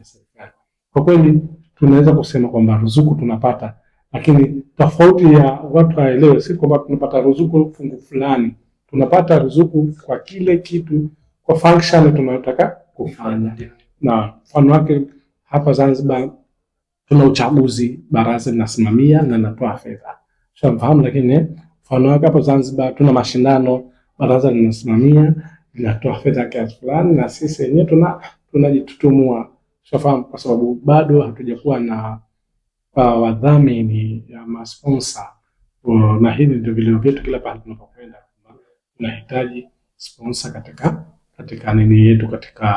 ya serikali. Kwa kweli tunaweza kusema kwamba ruzuku tunapata, lakini tofauti ya watu waelewe, si kwamba tunapata ruzuku fungu fulani, tunapata ruzuku kwa kile kitu, kwa function tunayotaka kufanya. Na mfano wake hapa Zanzibar tuna uchaguzi, baraza linasimamia na natoa fedha, shafahamu. Lakini mfano wake hapa Zanzibar tuna mashindano, baraza linasimamia linatoa fedha kiasi fulani, na sisi wenyewe tuna tunajitutumua Tunafahamu kwa sababu bado hatujakuwa na uh, wadhamini ya uh, masponsa uh, na hivi ndio vilio vyetu kila pahali tunapokwenda tunahitaji sponsa katika katika nini yetu katika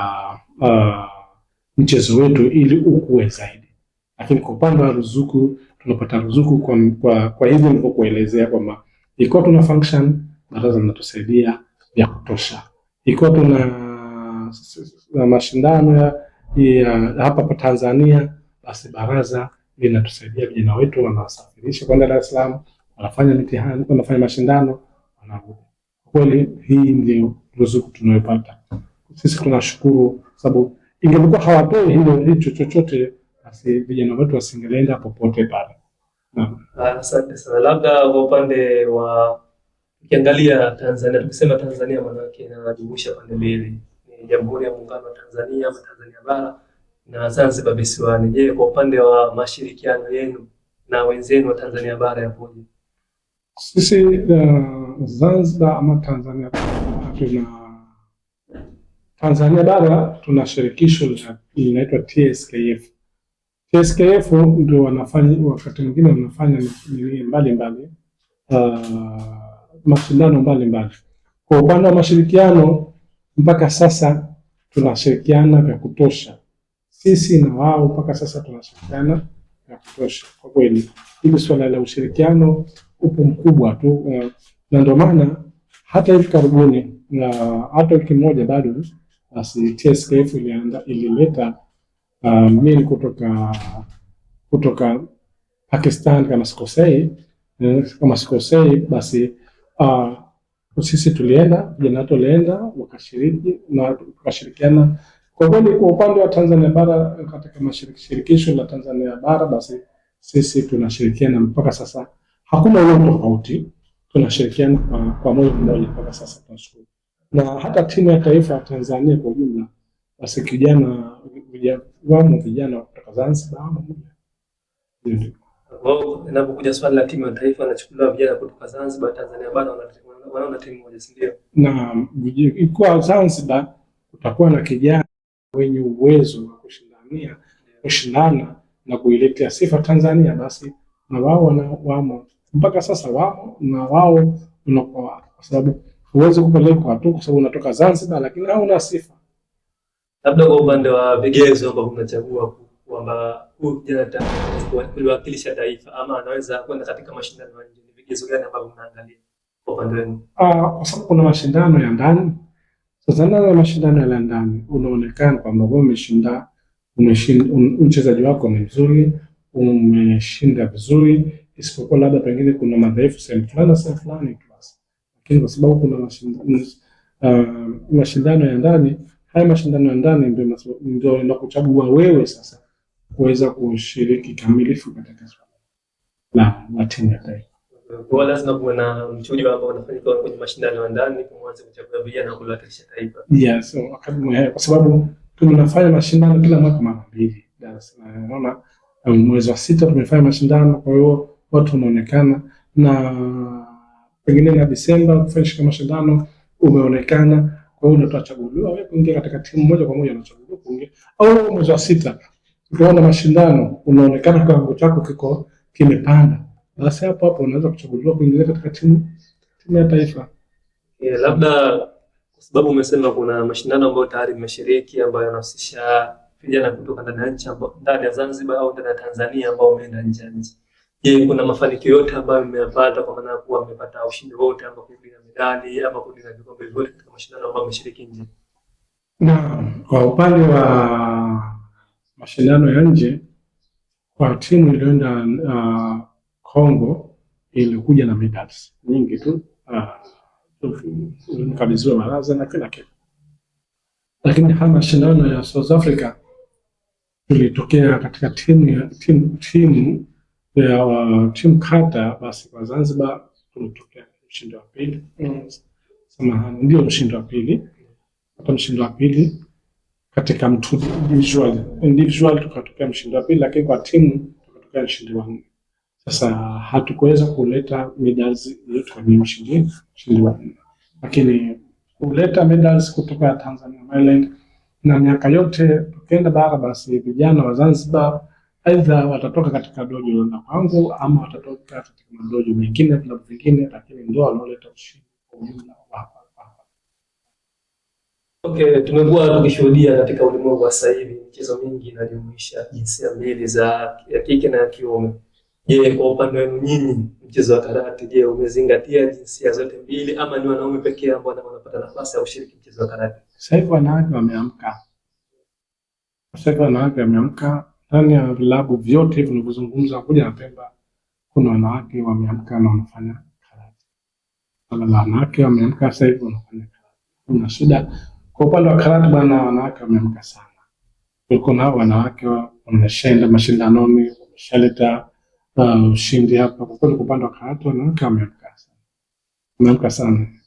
uh, mchezo wetu ili ukuwe zaidi. Lakini kwa upande wa ruzuku tunapata ruzuku kwa, kwa, kwa hivyo nilivyokuelezea kwamba ikiwa tuna function baraza linatusaidia vya kutosha, ikiwa tuna uh, mashindano ya ya eh, hapa kwa Tanzania, basi baraza linatusaidia vijana wetu, wanawasafirisha kwenda Dar es Salaam, wanafanya mitihani, wanafanya mashindano, wanarudi. Kweli hii ndio ruzuku tunayopata sisi, tunashukuru sababu ingekuwa hawatoi hilo hicho chochote, basi vijana wetu wasingeenda popote pale. Asante sana. Labda kwa upande wa ukiangalia Tanzania, tukisema Tanzania maanake inajumuisha pande mbili Jamhuri ya Muungano wa Tanzania ama Tanzania Bara na Zanzibar visiwani. Je, kwa upande wa mashirikiano yenu na wenzenu wa Tanzania Bara yapoje? Sisi uh, Zanzibar ama Tanzania tuna Tanzania Bara tuna shirikisho linaitwa TSKF. TSKF ndio wanafanya wakati mwingine wanafanya mbalimbali uh, ah, mashindano mbalimbali. Kwa upande wa mashirikiano mpaka sasa tunashirikiana vya kutosha, sisi na wao, mpaka sasa tunashirikiana vya kutosha kwa kweli. Hili suala la ushirikiano upo mkubwa tu eh, na ndio maana hata hivi karibuni na hata wiki moja bado basi TSKF ilileta uh, kutoka kutoka Pakistan kama sikosei, eh, kama sikosei basi uh, sisi tulienda, vijana tulienda wakashiriki na tukashirikiana kwa kweli. Kwa upande wa Tanzania bara katika mashirikisho la Tanzania bara, basi sisi tunashirikiana mpaka sasa, hakuna ule tofauti, tunashirikiana kwa, kwa moyo mmoja mpaka sasa, tunashukuru. Na hata timu ya taifa ya Tanzania kwa ujumla, basi kijana wamo vijana kutoka Zanzibar wao. Inapokuja swali la timu ya taifa, nachukuliwa vijana kutoka Zanzibar, Tanzania bara wana wanaona timu moja, si ndio? Naam, ikiwa Zanzibar kutakuwa na kijana wenye uwezo wa kushindania kushindana na kuiletea sifa Tanzania, basi na wao wamo mpaka sasa, wamo na wao unakuwa, kwa sababu huwezi kupelekwa tu kwa sababu unatoka Zanzibar, lakini hauna sifa. Labda kwa upande wa vigezo ambavyo umechagua kwamba huyu kijana kuliwakilisha taifa ama anaweza kwenda katika mashindano ya nje, ni vigezo gani ambavyo mnaangalia? kwa sababu ah, kuna mashindano ya ndani. Sasa ndani ya mashindano ya ndani unaonekana kwamba wewe umeshinda, mchezaji wako ni mzuri, umeshinda vizuri, isipokuwa labda pengine kuna madhaifu sehemu fulani na sehemu fulani class, lakini kwa sababu kuna mashindano uh, mashindano ya ndani, haya mashindano ya ndani ndio inakuchagua wewe sasa kuweza kushiriki kamilifu katika swala la timu ya taifa. Kwa lazima kuwe na mchujo ambao unafanyika kwenye mashindano ya ndani kumwanza kuchagua vijana na kuwakilisha taifa. Yeah, so kwa sababu tunafanya mashindano kila mwaka mara mbili. Naona mwezi wa sita tumefanya mashindano, kwa hiyo watu wanaonekana na pengine na Desemba kufanyika mashindano umeonekana, kwa hiyo utachaguliwa wewe kuingia katika timu moja kwa moja, unachaguliwa kuingia. Au mwezi wa sita ukiona mashindano unaonekana kiwango chako kiko kimepanda basi hapo hapo unaweza kuchaguliwa kuingia katika timu timu ya taifa. Yeah, labda kwa sababu umesema kuna mashindano ambayo tayari mmeshiriki ambayo yanahusisha vijana kutoka ndani ya nchi ndani ya Zanzibar au ndani ya Tanzania ambao wameenda nje ya nchi. Je, kuna mafanikio yote ambayo mmeyapata kwa maana kuwa mmepata ushindi wote ambao kuingia medali ama kuingia vikombe vyote katika mashindano ambayo mmeshiriki nje? Na kwa upande wa mashindano ya nje kwa timu iliyoenda uh, Kongo ilikuja na medals nyingi tu ah, kabidhiwa maraza na kila kitu, lakini haya mashindano ya South Africa tulitokea katika timu ya timu timu ya uh, timu kata basi kwa Zanzibar tulitokea mshindi wa pili mm. Samahani, ndio mshindi wa pili hata mshindi wa pili katika mtu individual individual tukatokea mshindi wa pili, lakini kwa timu tukatokea mshindi wa nne. Sasa hatukuweza kuleta medals yetu kwenye wa nne, lakini kuleta medals kutoka Tanzania Maryland, na miaka yote tukienda bara, basi vijana wa Zanzibar aidha watatoka katika dojo la kwangu ama watatoka katika madojo mengine vilabu vingine, lakini ndio wanaoleta ushindi kwa ujumla. Okay, tumekuwa tukishuhudia katika ulimwengu wa sasa hivi michezo mingi inajumuisha jinsia mbili za ya kike na ya kiume. Je, kwa upande wenu nyinyi mchezo wa karate, je, umezingatia jinsia zote mbili ama ni wanaume pekee ambao wanapata nafasi ya ushiriki mchezo wa karate? Sasa hivi wanawake wameamka, sasa hivi wanawake wameamka ndani ya vilabu vyote hivi vinavyozungumza kuja na Pemba, kuna wanawake wameamka na wanafanya karate. Kama wanawake wameamka sasa hivi wanafanya karate, kuna shida kwa upande wa karate bwana, wanawake wameamka sana. kuliko nao wanawake wameshaenda mashindanoni, wameshaleta Um, mshindi hapa kwa kweli, kwa upande wa Karatu wanawake wameamka sana, sana